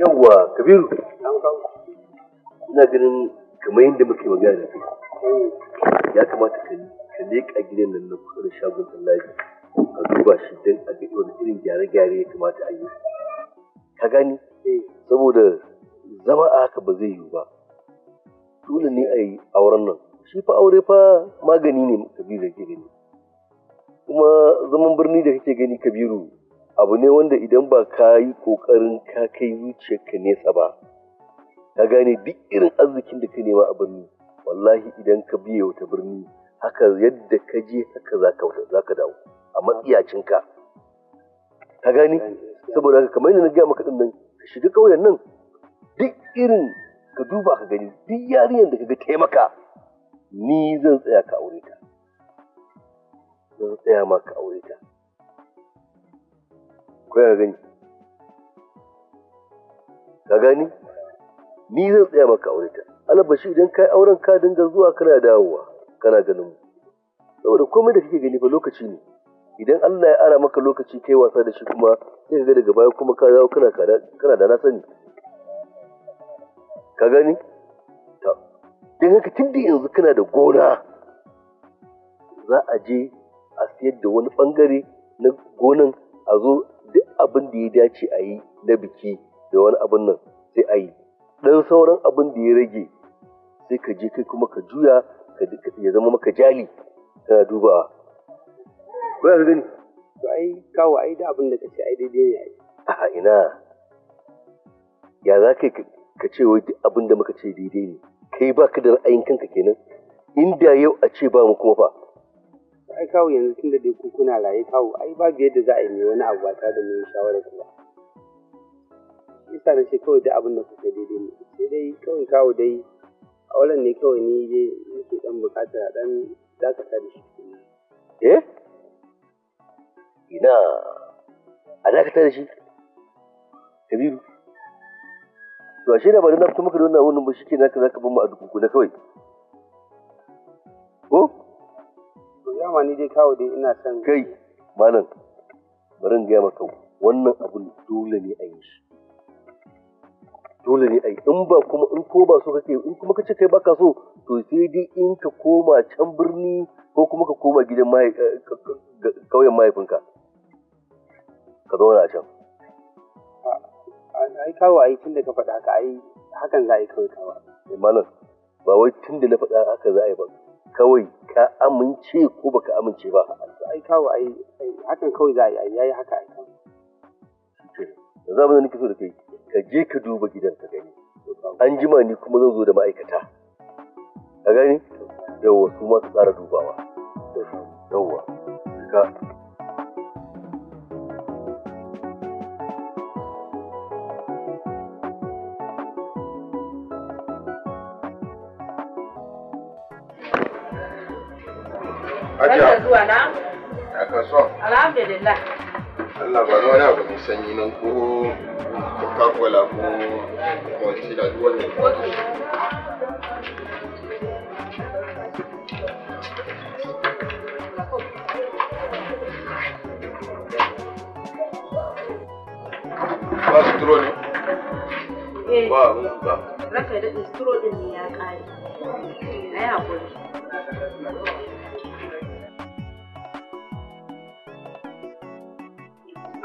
yawwa kabiru ina ganin kamar yadda muke magana da kai ya kamata ka ka leƙa gidan nan na kusa da shagon tallafi ka duba shi don a ga wani irin gyare-gyare ya kamata a yi ka gani saboda zama a haka ba zai yiwu ba dole ne a yi auren nan shi fa aure fa magani ne kabiru ke gani kuma zaman birni da kake gani kabiru abu ne wanda idan ba ka yi ƙoƙarin ka kai ka nesa ba ka gane duk irin arzikin da ka nema a birni wallahi idan ka biye wata birni haka yadda ka je haka za ka wata, za ka dawo a matsiyacinka ka gane saboda haka kamar yadda na gaya maka nan ka shiga ƙauyen nan duk irin ka duba ka gani duk yarinyar da ka ga taimaka ni zan tsaya ka aure ta zan tsaya ma ka aure ta ka gani ka gani ni zan tsaya maka aure ta albashi idan kai auren ka dinga zuwa kana dawowa kana ganin mu saboda komai da kake gani fa lokaci ne idan Allah ya ara maka lokaci kai wasa da shi kuma sai ka ga daga baya kuma ka dawo kana kana da na sani ka gani to dan haka tunda yanzu kana da gona za a je a siyar da wani bangare na gonan a zo abin da ya dace a yi na biki da wani abin nan sai a yi dan sauran abin da ya rage sai ka je kai kuma ka juya ya zama maka jali kana dubawa ko ya gani to ai kawo ai da abin da kace ai daidai ne ai a ina ya za ka ka ce wai duk abin da muka ce daidai ne kai baka da ra'ayin kanka kenan inda yau a ce ba mu kuma fa ai kawo yanzu tun da dai ku kuna raye kawo ai biyar da za a yi mai wani abu ba da mun shawara ku ba isa na ce kawai da abin da kuke daidai ne sai dai kawai kawo dai a wannan ne kawai ni dai nake dan bukata dan ka da shi eh ina a dakata da shi kabiru to ashe da bari na fito maka da wannan wannan ba ke naka zaka bar mu a dukunku na kawai ko Dama ni dai kawo dai ina son. Kai, malam, bari in gaya maka wannan abin dole ne a yi shi. Dole ne a yi, in ba kuma in ko ba so kake in kuma kace kai baka so to sai dai in ka koma can birni ko kuma ka koma gidan eh, kauyen mahaifinka. Ka zauna a can. Ai kawo ai tun da ka faɗa haka ai hakan za a yi kawai kawo. Eh, malam, ba wai tun da na faɗa haka za a yi ba kawai ka amince ko baka amince ba ai kawo ai hakan kawai za a yi yayi haka ai kawo da mu nake so da kai ka je ka duba gidan ka gani an jima ni kuma zan zo da ma'aikata ka gani yawwa su ma su tsara dubawa yawwa ka Hajiya. zuwa na? Ya kasuwa. Alhamdulillah. Allah ba wani abu mai sanyi nan ko Coca-Cola ko Mozilla duk wannan kwato. Ba stro ne? Eh. Ba ba. Raka daɗin stro ɗin ne ya ƙare. Ai haƙuri.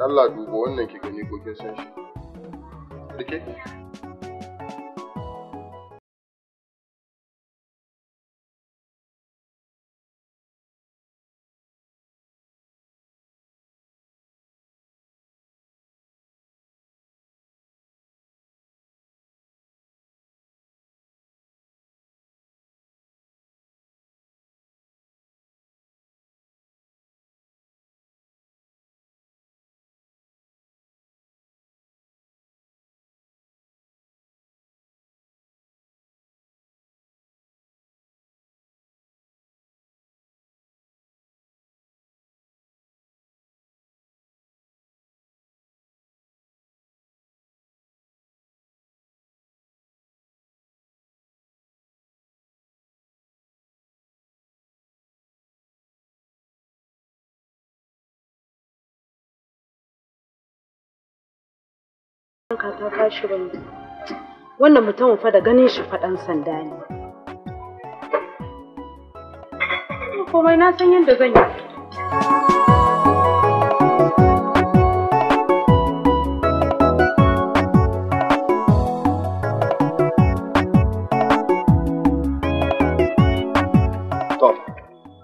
Allah dubu wannan ki gani ko kin san shi. ɗauka ta tashi bane wannan mutumin fa da ganin shi faɗan sanda ne komai na san yadda zan yi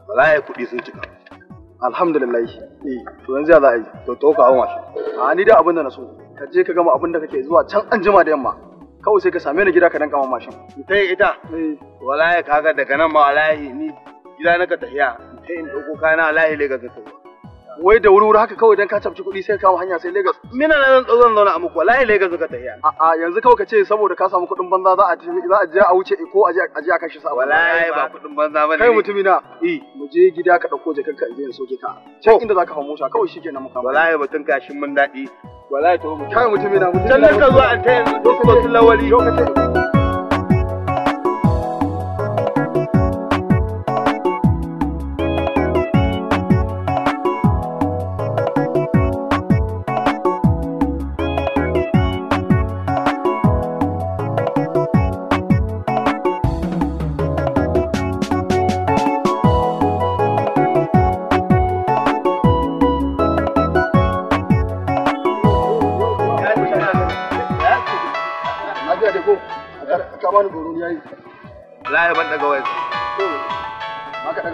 wallahi kuɗi sun cika alhamdulillah eh to yanzu za a yi to to ka hawa shi a ah, ni da abin da na so ka je ka gama abin da kake zuwa can an jima da yamma kawai sai ka same ni gida ka danka mashin ita ita eh. wallahi kaga daga nan ma wallahi ni gida na ka tafiya sai in dauko kana wallahi le ga wai da wuri wuri haka kawai dan ka tafi kuɗi sai ka kama hanya sai Lagos mina nan zan zan zauna a muku wallahi Lagos ka tafiya a a yanzu kawai ka ce saboda ka samu kuɗin banza za a za a je a wuce ko a je a je a kashi sa wallahi ba kuɗin banza bane kai mutumi na eh mu je gida ka dauko jakar ka je soke ka can inda zaka hawo mota kawai shikenan mu kama wallahi batun kashin mun daɗi wallahi to mu kai mutumi na mutumi can ka zo an ta yanzu lawali lokacin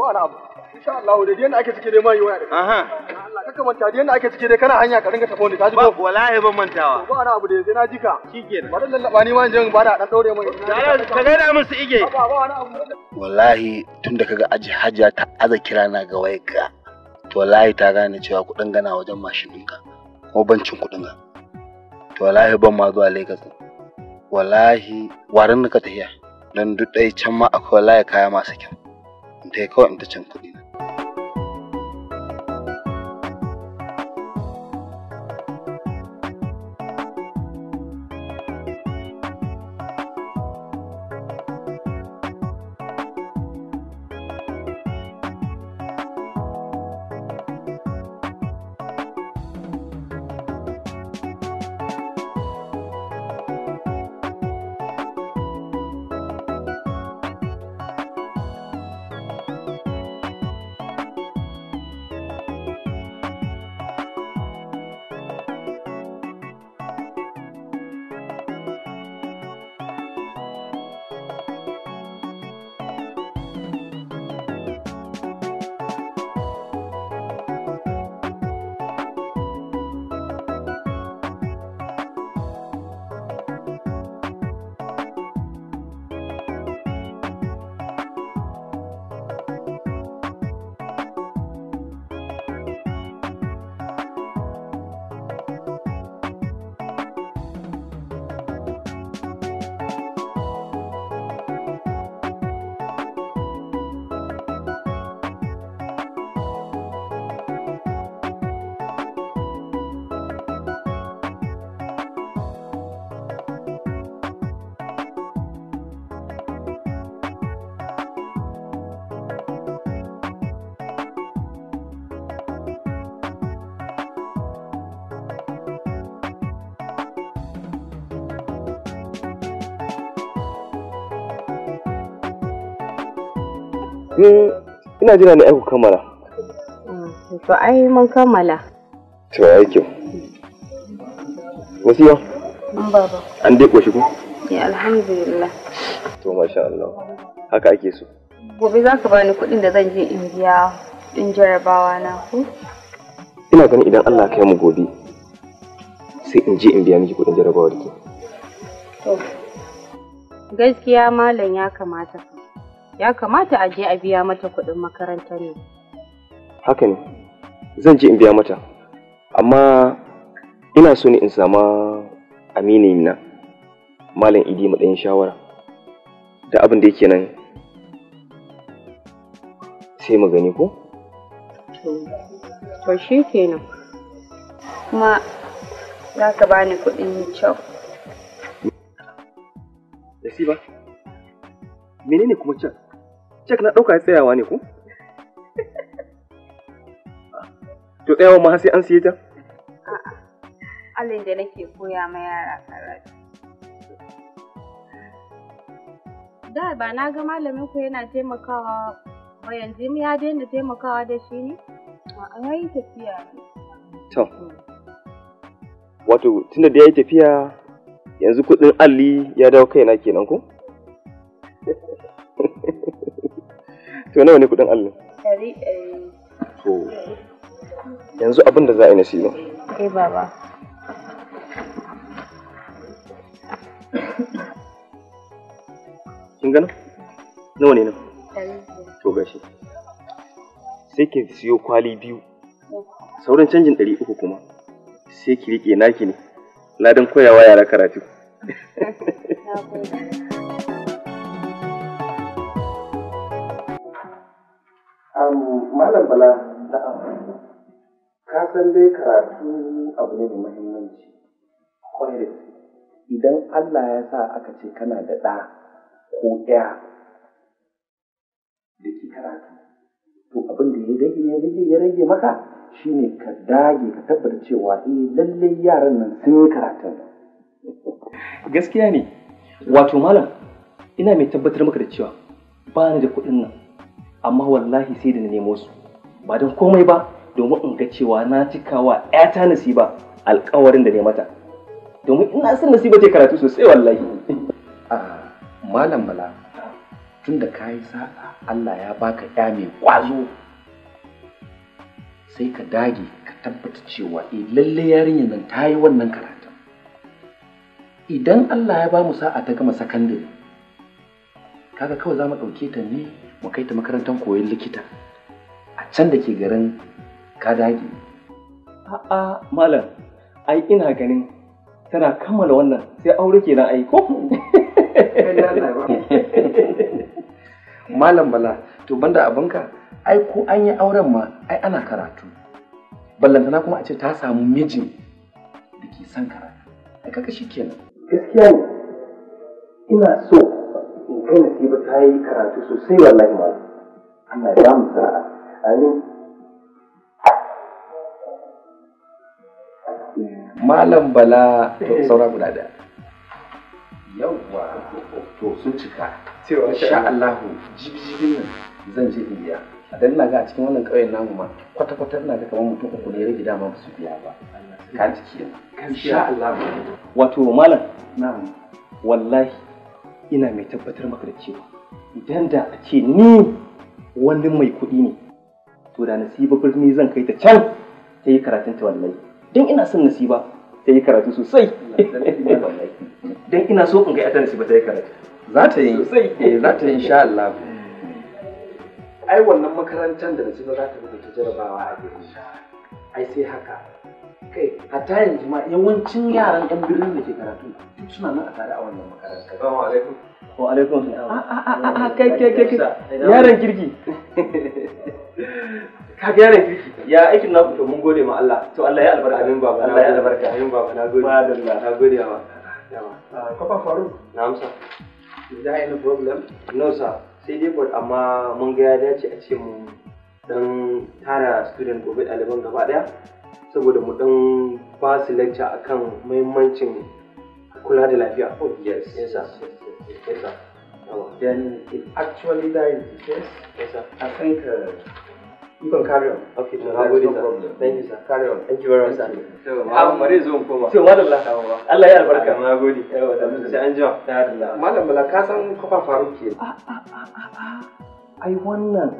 ko wallahi ban mantawa wani da na jika shikenan da dan daure ga tunda kaga aji hajja ta aza kirana ga Waika? to wallahi ta gane cewa kudin gana wajen mashin ɗinka ko bancin kudin ga to wallahi ban ma zuwa Lagos wallahi warin ka tafiya don duk ɗaya can ma akwai wallahi kaya masu kyau ta kawai in ta can kuɗi ina jira ne ku kammala mm, to ai mun kammala to ai kyau Wasu baba an dai shi ku ya alhamdulillah to masha Allah haka ake so gobe za ka bani kuɗin da zan je in biya in jarabawa na ku ina ganin idan Allah kai mu gobe sai in je in biya miki kuɗin jarabawa da ke gaskiya malam ya kamata ya kamata a je a biya mata kuɗin makaranta ne. Haka ne, zan je in biya mata, amma ina so ne in sama aminin na Malam Idi matsayin shawara da abin da yake nan sai mu gani ko? To shi kenan. Kuma za ka bani kuɗin kyau. Nasiba, menene kuma can? Cek na ɗauka tsayawa ne ko? To tsayawa ma sai an siye ta? A'a. Allin da nake koya ma yara karatu. Da ba na ga malamin ku yana taimakawa ba yanzu mu ya daina taimakawa da shi ne? Ba yi tafiya. To. Hmm. Wato tunda da ya yi tafiya yanzu kudin alli ya dawo kaina kenan ko? to nawa ne kuɗin allon eh. to yanzu abin da za a yi nasiba eh baba kin gano nawa ne nan to gashi sai ki siyo kwali biyu sauran canjin ɗari uku kuma sai ki riƙe naki ne ladan koyawa yara karatu Malam Bala na'am. Ka san dai karatu abu ne mai muhimmanci. Kwarai da Idan Allah ya sa aka ce kana da ɗa ko ɗaya da ke karatu, to abin da ya rage ya rage ya rage maka shine ka dage ka tabbata cewa eh lallai yaran nan sun yi karatun. Gaskiya ne, wato malam ina mai tabbatar maka da cewa ba ni da kuɗin nan amma wallahi sai da na nemo su ba don komai ba domin in ga cewa na cika cikawa ƴata nasiba alƙawarin da ne mata domin ina son nasiba ce karatu sosai wallahi ah, malam bala tun da ka yi sa'a Allah ya baka ƴa mai ƙwazo sai ka dage ka tabbata cewa eh lalle yarinyar nan ta yi wannan karatu idan Allah ya ba mu sa'a ta gama sakandare kaga kawai za mu ɗauke ta ne mu kai ta makarantar koyon likita a can da ke garin kadagi a'a malam ai ina ganin tana kammala wannan sai aure kenan ai aiko. malam bala to banda abinka ai ko an yi auren ma ai ana karatu ballantana kuma a ce ta samu mijin da ke son karatu ai kaka shi kenan gaskiya ne ina so kai ba ta yi karatu sosai wallahi ma Allah ya mu sa'a amin malam bala to eh. saura guda da yawwa to sun cika cewa sha Allahu jibjibin nan zan je A dan ina ga a cikin wannan ƙauyen namu ma kwata kwata ina ga kamar mutum uku ne rigida ma su biya ba ka ciki kan sha Allahu wato malam na'am wallahi ina mai tabbatar maka da cewa idan da a ce ni wani mai kuɗi ne to da nasiba birni zan kai ta can ta yi karatun ta wallahi don ina son nasiba ta yi karatu sosai don ina so in ga ta nasiba ta yi karatu za ta yi sosai eh, za ta yi insha Allah ai wannan makarantar da nasiba za ta ta jarabawa a gidan ai sai haka kai hatta yanzu ma yawancin yaran yan birnin da ke karatu duk suna nan a tare a wannan makaranta assalamu alaikum wa alaikum salam kai kai kai yaran kirki kaga yaran kirki ya aikin naku to mun gode ma Allah to Allah ya albarka amin baba Allah ya albarka amin baba na gode Allah. na gode ma kafa faru na amsa is there any problem no sir sai dai but amma mun ga ya dace a ce mu dan tara student gobe ɗaliban gaba daya saboda mu dan ba su lecture akan muhimmancin kula da lafiya oh yes yes sir yes sir oh, then if actually that is the case yes sir i think uh, you can carry on okay so no, no problem thank you sir carry on thank you very much sir to um, bari zo koma to madalla Allah ya albarka na gode yawa sai an jiwa malam bala ka san kofa faruk ke a ah, a ah, a ah, a ai wannan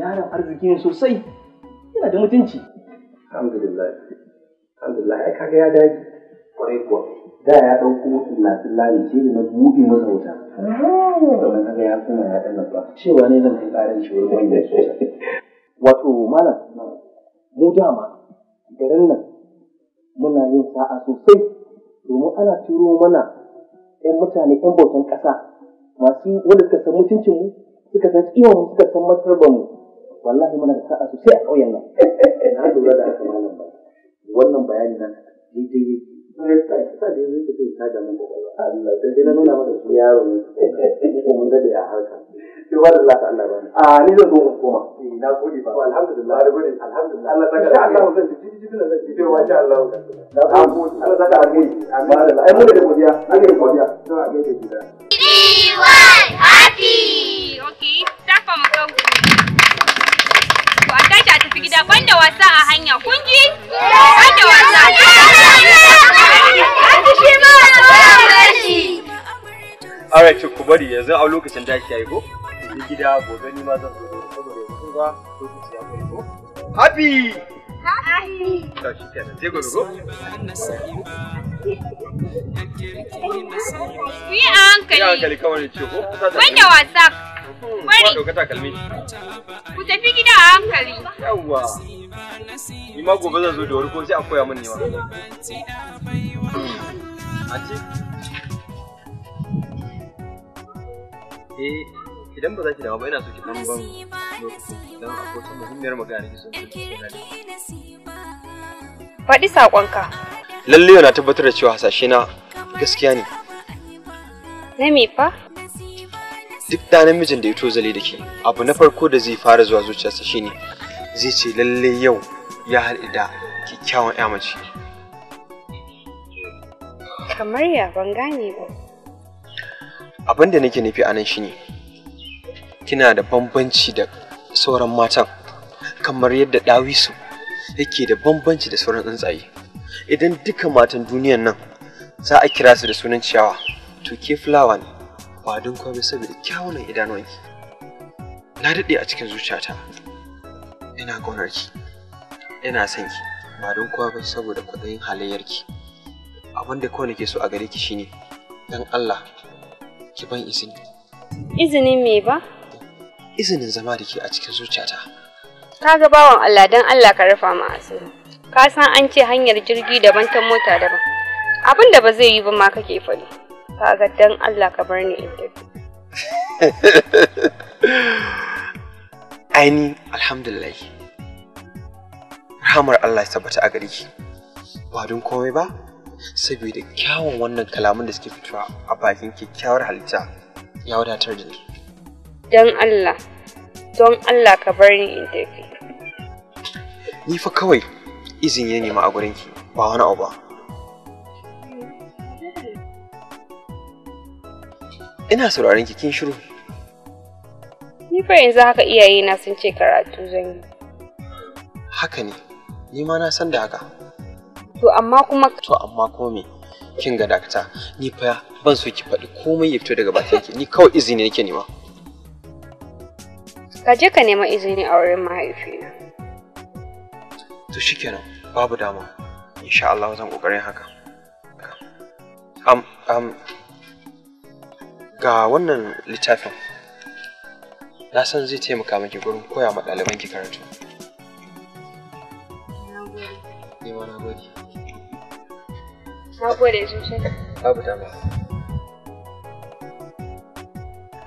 yaran arziki ne sosai yana da mutunci alhamdulillah alhamdulillah ai kaga ya dace kwarai kuwa da ya ɗauko latin lani ce da na buɗe masa wuta sannan kaga ya koma ya ɗan nasuwa cewa ne zan kai ƙarin shi wurin wanda wato malam mu dama garin nan muna yin sa'a sosai domin ana turo mana 'yan mutane 'yan bautan ƙasa masu wanda suka san mutuncinmu suka san kiwon suka san martabar wallahi muna da sa'a su sosai a ƙauyen nan eh, na lura da haka malam ba wannan bayani na daidai yake sa da yanzu sai ta da mun Allah sai na nuna mata su yaro ne ko mun dade a harka to ba da Allah ta Allah ba a ah, ni zan zo kuma ni eh, na gode ba alhamdulillah da gode alhamdulillah Allah saka da Allah zan ji ji ji zan ji ji ma sha Allah na gode Allah saka da gode amma da Allah ai mu da godiya ai yi godiya to a gaida gida Happy! Okay, step on the ku a tashi a tafi gida banda wasa a hanya kun ji banda wasa Ara ce ku bari yanzu a lokacin da ake Ni gida gobe ni ma zan zo saboda yanzu ya kai ko? Happy! Happy! Ta shi kenan gobe ko? Ku yi a hankali. Ku yi a hankali kawai ce ko? wasa. Bari. Ku tafi gida a hankali. Yawwa. Ni ma gobe zan zo da wuri ko sai a koya min ne hmm. Eh, idan Faɗi saƙonka. Lalle na tabbatar da cewa hasashe na gaskiya ne. Na me fa? duk da namijin da ya zale da ke abu na farko da zai fara zuwa zuciyarsa shine zai ce lalle yau ya haɗu da kyakkyawan ya mace kamar ya ban gane ba abin da nake nufi anan shine kina da bambanci da sauran matan kamar yadda dawisu yake da bambanci da sauran tsuntsaye idan duka matan duniyan nan za a kira su da sunan ciyawa to ke fulawa ne ba don saboda kyawunan idanuwanki na daɗe a cikin zuciyata ina gonarki, ina son ki ba don kowa ba saboda kwaɗayin halayyarki abin da kawai nake so a gare ki shine dan Allah ki ban izini izinin me ba izinin zama da ke a cikin zuciyata ka ga bawan Allah dan Allah ka rufa mu asiri ka san an ce hanyar jirgi daban ta mota daban abin da ba zai yi ba ma kake faɗi kaga dan Allah ka bar ni in aini alhamdulillah rahamar Allah ya tabbata a gare ki ba don komai ba saboda kyawun wannan kalaman da suke fitowa a bakin kyakkyawar halitta ya wadatar da ni dan Allah don Allah ka bar ni in tafi ni fa kawai izini ne ma a gurinki ba wani abu ba ina sauraron ki kin shiru ni fa yanzu haka iyaye na sun ce karatu zan yi haka ne ni ma na san da haka to amma kuma to amma kuma me kin ga dakta ni fa ban so ki faɗi komai ya fito daga bakin ki ni kawai izini nake nema ka je ka nema izini a wurin mahaifina to shikenan babu dama insha Allah zan kokarin haka am am ga wannan littafin na san zai taimaka miki gurin koya ma ɗaliban ki karatu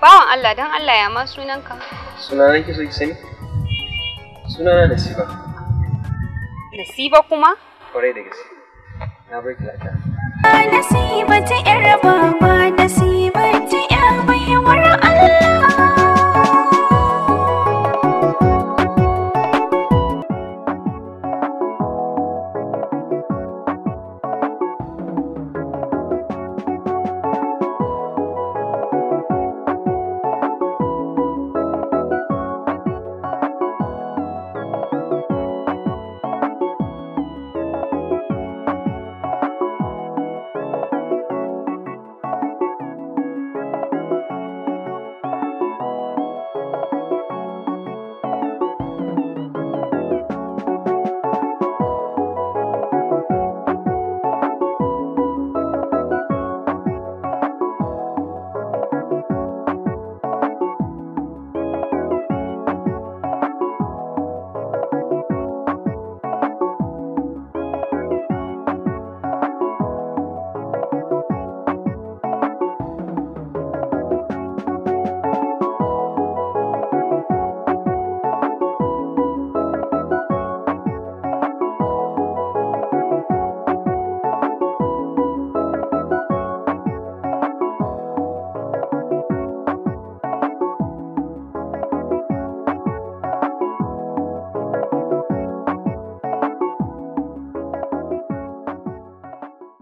bawan Allah don Allah ya ma sunanka sunana ki so ki sani sunana Nasiba Nasiba kuma kwarai da gaske na bar ki lafiya Nasiba ta 'yar baba Nasiba you